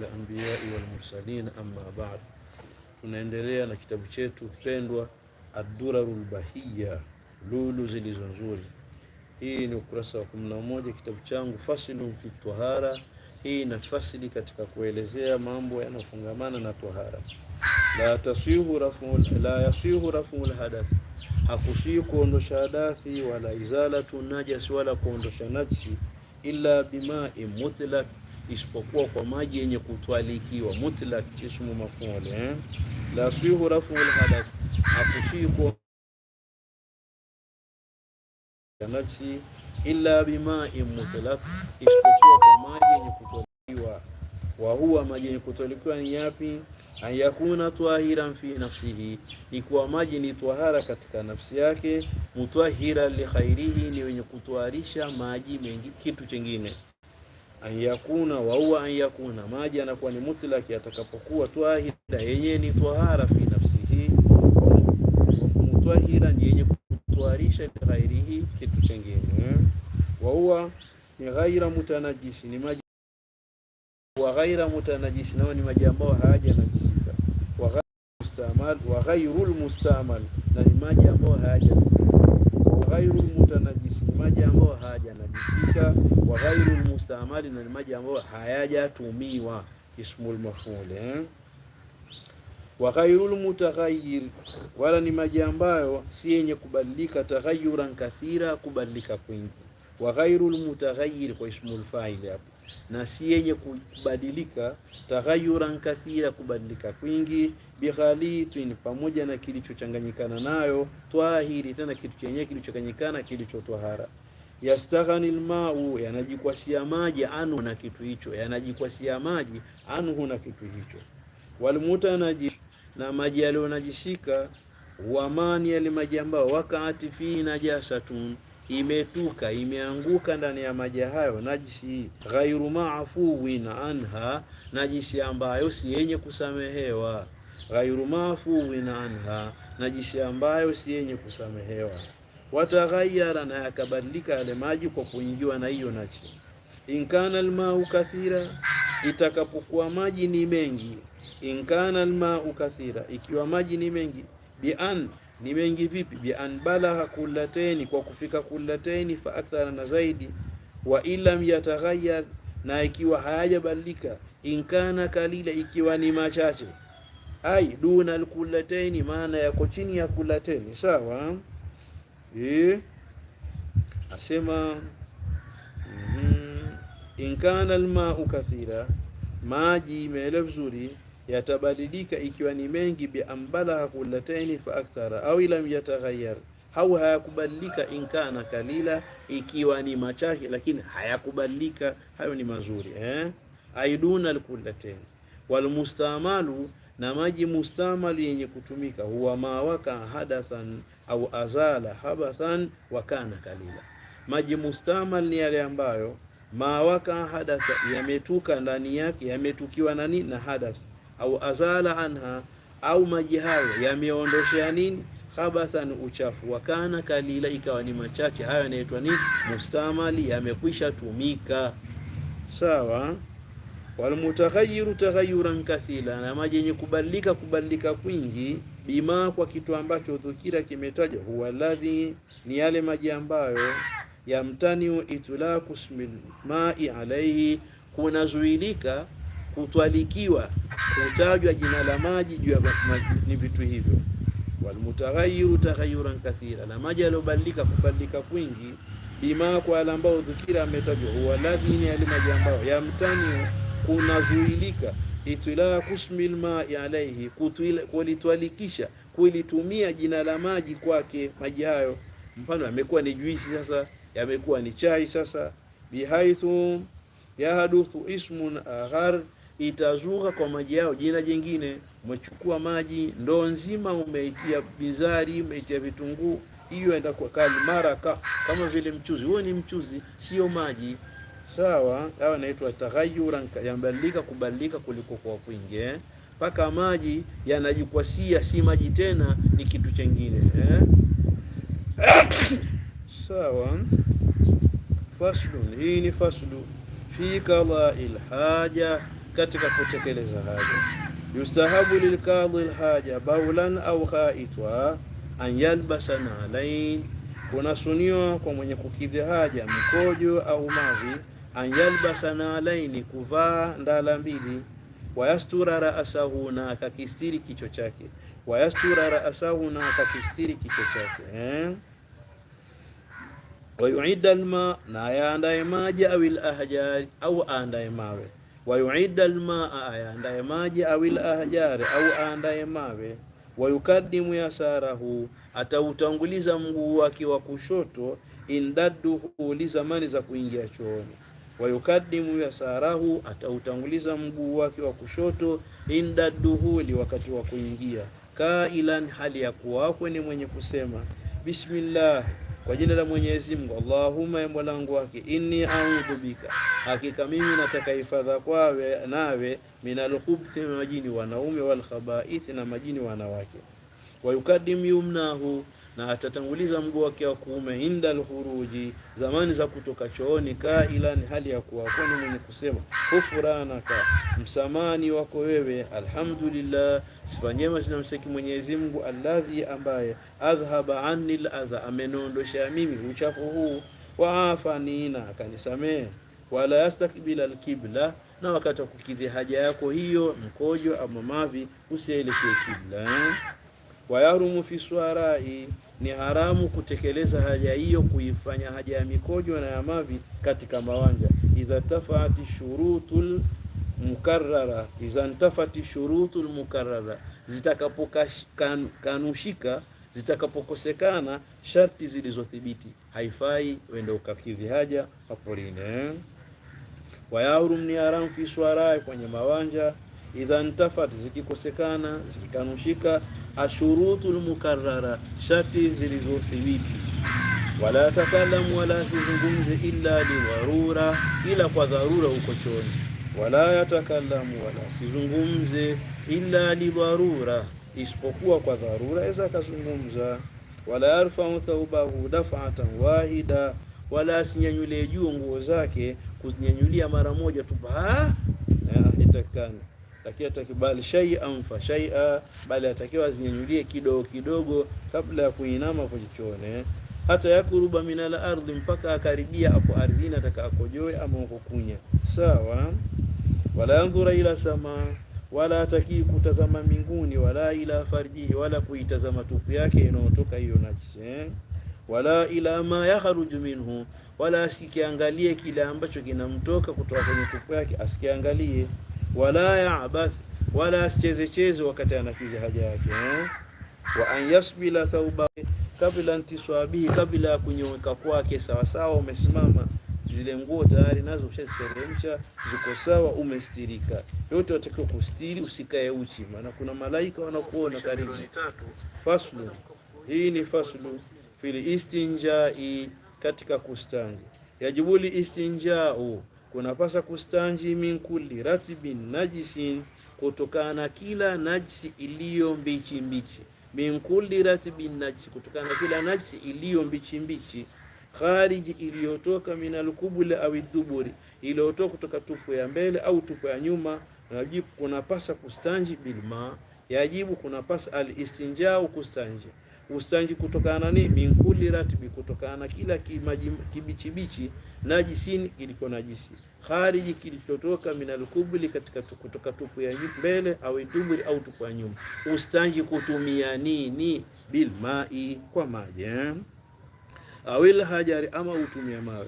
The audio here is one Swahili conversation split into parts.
al anbiya wal-mursalin, amma ba'd. Tunaendelea na kitabu chetu pendwa Ad-Durarul Bahia, lulu zilizo nzuri. Hii ni ukurasa wa 11 kitabu changu Fasilun fi Tahara. Hii na fasili katika kuelezea mambo yanayofungamana na tahara. La tasihu rafu la yasihu rafu al-hadath, hakusii kuondosha hadathi, wala izalatu najasi, wala kuondosha najsi, illa bima mutlaq isipokuwa kwa maji yenye kutwalikiwa, mutlak ismu maf'ul eh? la sihu rafu alhadath akushiku nafsi illa bima'in mutlak, isipokuwa kwa maji yenye kutwalikiwa. Wa huwa maji yenye kutwalikiwa ni yapi? an yakuna twahiran fi nafsihi, ikuwa maji ni twahara katika nafsi yake. Mutwahira li khairihi, ni wenye kutwarisha maji mengi kitu chingine an yakuna wa huwa an yakuna, maji anakuwa ni mutlaki atakapokuwa twahira, yenye ni twahara fi nafsihi, mtwahira ni yenye kutwarisha hii kitu chengine. Wa huwa ni ghaira mutanajisi, ni maji wa ghaira mutanajisi, nao ni maji ambayo hayajanajisika. Wa ghairu mustamal, na ni maji ambayo hayaja ghairu mutanajisi, ni maji ambayo hayajanajisika. Wa ghairu mustaamali, na ni maji ambayo hayajatumiwa, ismul maf'ul eh? Wa ghairu mutaghayyir, wala ni maji ambayo si yenye kubadilika, taghayyuran kathira, kubadilika kwingi wa ghairu lmutaghayyir, kwa ismu fa'il hapo, na si yenye kubadilika, taghayyuran kathira, kubadilika kwingi, bikhalitin, pamoja na kilichochanganyikana nayo, twahiri, tena kitu chenyewe kilichochanganyikana kilichotwahara yastaghani almau, yanajikwasia maji anhu, na kitu hicho, yanajikwasia maji anhu, na kitu hicho. Walmuta naji na maji yaliyonajisika. Wamani, yale maji ambayo wakaati fihi najasatun imetuka imeanguka ndani ya maji hayo najisi ghairu maafuwin anha, najisi ambayo si yenye kusamehewa. Ghairu maafuwin anha, najisi ambayo si yenye kusamehewa. Wataghayara, na yakabadilika yale maji kwa kuingiwa na hiyo najisi. Inkana almau kathira, itakapokuwa maji ni mengi. Inkana almau kathira, ikiwa maji ni mengi. Bian ni mengi vipi? bi an balagha kullataini, kwa kufika kullataini, fa akthara na zaidi, wa ilam yataghayyar, na ikiwa hayajabadilika, inkana kalila, ikiwa ni machache, ai duna alkullataini, maana yako chini ya kullataini. Sawa e? asema mm -hmm. inkana almau kathira, maji imeelewa vizuri yatabadilika ikiwa ni mengi, bi ambala kullataini fa akthara au lam yataghayyar, au hayakubadilika inkana kalila, ikiwa ni machache lakini hayakubadilika, hayo ni mazuri eh? aiduna alkullataini walmustamalu na maji mustamali yenye kutumika huwa mawaka hadathan au azala habathan wakana kalila. Maji mustamal ni yale ambayo mawaka hadatha yametuka ndani yake yametukiwa nani na hadatha au azala anha, au maji hayo yameondoshea nini khabathan, uchafu wakana kalila, ikawa ni machache. Hayo yanaitwa ni mustamali, yamekwisha tumika. Sawa. Walmutaghayyiru taghayyuran kathila, na maji yenye kubadilika kubadilika kwingi, bima, kwa kitu ambacho dhukira kimetajwa, huwa ladhi, ni yale maji ambayo yamtaniu itlaku ismil mai alaihi, kunazuilika kutwalikiwa yatajwa jina la maji juu ya maji ni vitu hivyo. Walmutaghayyiru taghayyuran kathira, na maji yaliyobadilika kubadilika kwingi. Bima kwa ala ambao dhikira ametajwa, huwa ladhi ni yale maji ambayo yamtani kunazuilika itila kusmil ma alayhi kulitwalikisha kulitumia jina la maji kwake maji hayo. Mfano yamekuwa ni juisi sasa, yamekuwa ni chai sasa. Bihaithu yahaduthu ismun aghar itazuka kwa maji yao jina jingine. Umechukua maji ndoo nzima, umeitia binzari, umeitia vitunguu, hiyo itakuwa kali maraka, kama vile mchuzi. Huo ni mchuzi, sio maji. Sawa, hawa naitwa taghayyura, yanabadilika kubadilika kuliko kwa kwingi mpaka eh? maji yanajikwasia, si maji tena, ni kitu chengine eh? Sawa. Faslun, hii ni faslu fi qada ilhaja katika kutekeleza haja. Yustahabu lilqadhi lhaja baulan au haitwa an yalbasa nalain, kunasuniwa kwa mwenye kukidhi haja mkojo au mavi, an yalbasa nalaini, kuvaa ndala mbili, wayastura raasahu, na akakistiri kichwa chake, wayastura raasahu, na akakistiri kichwa chake eh? wayuida lma, na ayaandaye maji, au lahjari au aandaye mawe wayuida lmaa, ayaandaye maji au lahjari au aandaye mawe. Wayukadimu yasarahu, atautanguliza mguu wake wa kushoto. Indadduhu li zamani za kuingia chooni. Wayukadimu yasarahu, atautanguliza mguu wake wa kushoto. duhuli wakati wa kuingia. Kailan, hali ya kuwakwe ni mwenye kusema bismillah kwa jina la Mwenyezi Mungu. Allahumma, Mola wangu wake, inni a'udhu bika, hakika mimi nataka hifadha kwawe nawe, minal khubuthi, majini wanaume, wal khaba'ith, na majini wanawake, wa yukaddim yumnahu na atatanguliza mguu wake wa kuume inda alkhuruji, zamani za kutoka chooni, ka ila ni hali ya kuwa kwani mwenye kusema ka msamani wako wewe. Alhamdulillah, sifa njema zinamseki Mwenyezi Mungu, alladhi, ambaye adhhaba anni aladha, amenondosha mimi uchafu huu, waafani, na akanisamee, wala yastakbila alqibla na wakati wa kukidhi haja yako hiyo, mkojo ama mavi, usielekee kibla wayarumu fi swarai, ni haramu kutekeleza haja hiyo, kuifanya haja ya mikojo na ya mavi katika mawanja. idha tafati shurutul mukarrara, idha tafati shurutul mukarrara, zitakapokanushika kan, zitakapokosekana sharti zilizothibiti, haifai wende ukakidhi haja hapoline. Wayarum ni haramu fi swarai, kwenye mawanja. idha tafati zikikosekana zikikanushika ashurutul lmukarara, sharti zilizothibiti. Wala takalamu, wala sizungumze, illa lidharura, ila kwa dharura huko choni. Wala yatakalamu, wala sizungumze, illa lidharura, isipokuwa kwa dharura iza kazungumza. Wala yarfau thaubahu dafatan wahida, wala asinyanyulie juu nguo zake kuzinyanyulia mara moja tu, itakikana lakini atakibali shay'an fa shay'a, bali atakiwa azinyanyulie kidogo kidogo kabla ya kuinama kujichone, hata yakuruba min al ardhi, mpaka akaribia hapo ardhini atakaakojoe ama kukunya. Sawa. wala yanzura ila sama, wala ataki kutazama mbinguni, wala ila farjihi, wala kuitazama tupu yake inayotoka hiyo najisi eh? wala ila ma yakhruju minhu, wala asikiangalie kile ambacho kinamtoka kutoka kwenye tupu yake, asikiangalie wala yabath, wala asichezecheze wakati anakidhi haja yake eh? wa an yasbila thauba kabla ntiswabihi, kabla ya kunyoweka kwake sawasawa. Umesimama, zile nguo tayari nazo ushasteremsha, ziko sawa, umestirika. Yote watakiwa kustiri, usikae uchi, maana kuna malaika wanakuona karibu. Faslu, hii ni faslu fil istinjai, katika kustangi yajibuli istinjau kunapasa kustanji min kulli ratibin najisin, kutokana na kila najisi iliyo mbichi mbichi. Min kulli ratibin najisi, kutokana na kila najisi iliyo mbichi mbichi. Khariji, iliyotoka min alqubuli au duburi, iliyotoka kutoka tupu ya mbele au tupu ya nyuma. Yajibu, kunapasa kustanji bilma. Yajibu, kunapasa alistinjau kustanji ustanji kutokana na nini? Minkuli ratibi, kutokana na kila kimaji kibichibichi. Najisini, kilikuwa najisi. Khariji, kilichotoka. Minalkubli, katika kutoka tupu ya mbele, au duburi, au tupu ya nyuma. Ustanji kutumia nini? Bil mai, kwa maji eh? awil hajari, ama utumia mawe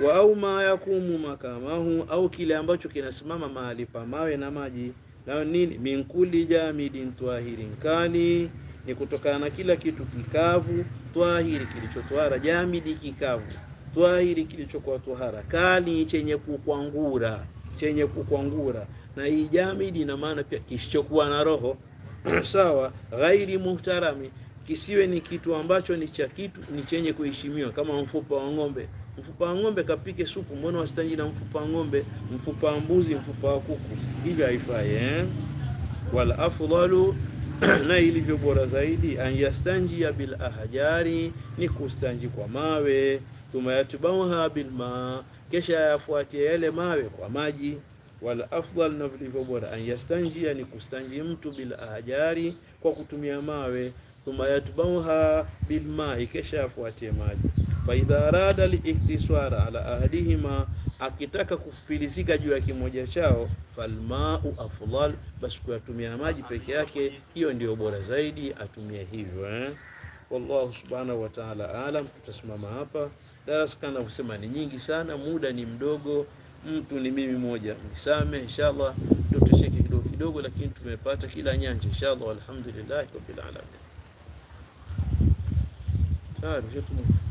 wa au ma yakumu makamahu, au kile ambacho kinasimama mahali pa mawe na maji, nayo nini? Minkuli jamidin twahirin kani ni kutokana na kila kitu kikavu, twahiri kilichotwara, jamidi kikavu, twahiri kilichokuwa twahara kali, chenye kukwangura, chenye kukwangura. Na hii jamidi ina maana pia kisichokuwa na roho sawa, ghairi muhtarami, kisiwe ni kitu ambacho ni cha kitu ni chenye kuheshimiwa, kama mfupa wa ng'ombe. Mfupa wa ng'ombe kapike supu, mbona wasitanji na mfupa wa ng'ombe, mfupa wa mbuzi, mfupa wa kuku? Hivi haifai eh? wal afdalu na ilivyo bora zaidi, an ya bil ahjari, ni kustanji kwa mawe, thumma yatbauha bil ma, kisha yafuatie yale mawe kwa maji. Wal afdal, na vilivyo bora, an ni kustanji mtu bil ahjari, kwa kutumia mawe, thumma yatbauha bil ma, kisha yafuatie maji. Fa idha arada liktiswara ala ahadihima akitaka kufilisika juu ya kimoja chao, falmau afdal, basi kuyatumia maji peke yake, hiyo ndiyo bora zaidi, atumie hivyo eh. Wallahu subhanahu wa ta'ala alam. Tutasimama hapa, darasa kana kusema ni nyingi sana, muda ni mdogo, mtu ni mimi moja, nisame inshallah, Tutosheke kidogo kidogo, lakini tumepata kila nyanja inshallah, alhamdulillah rabbil alamin.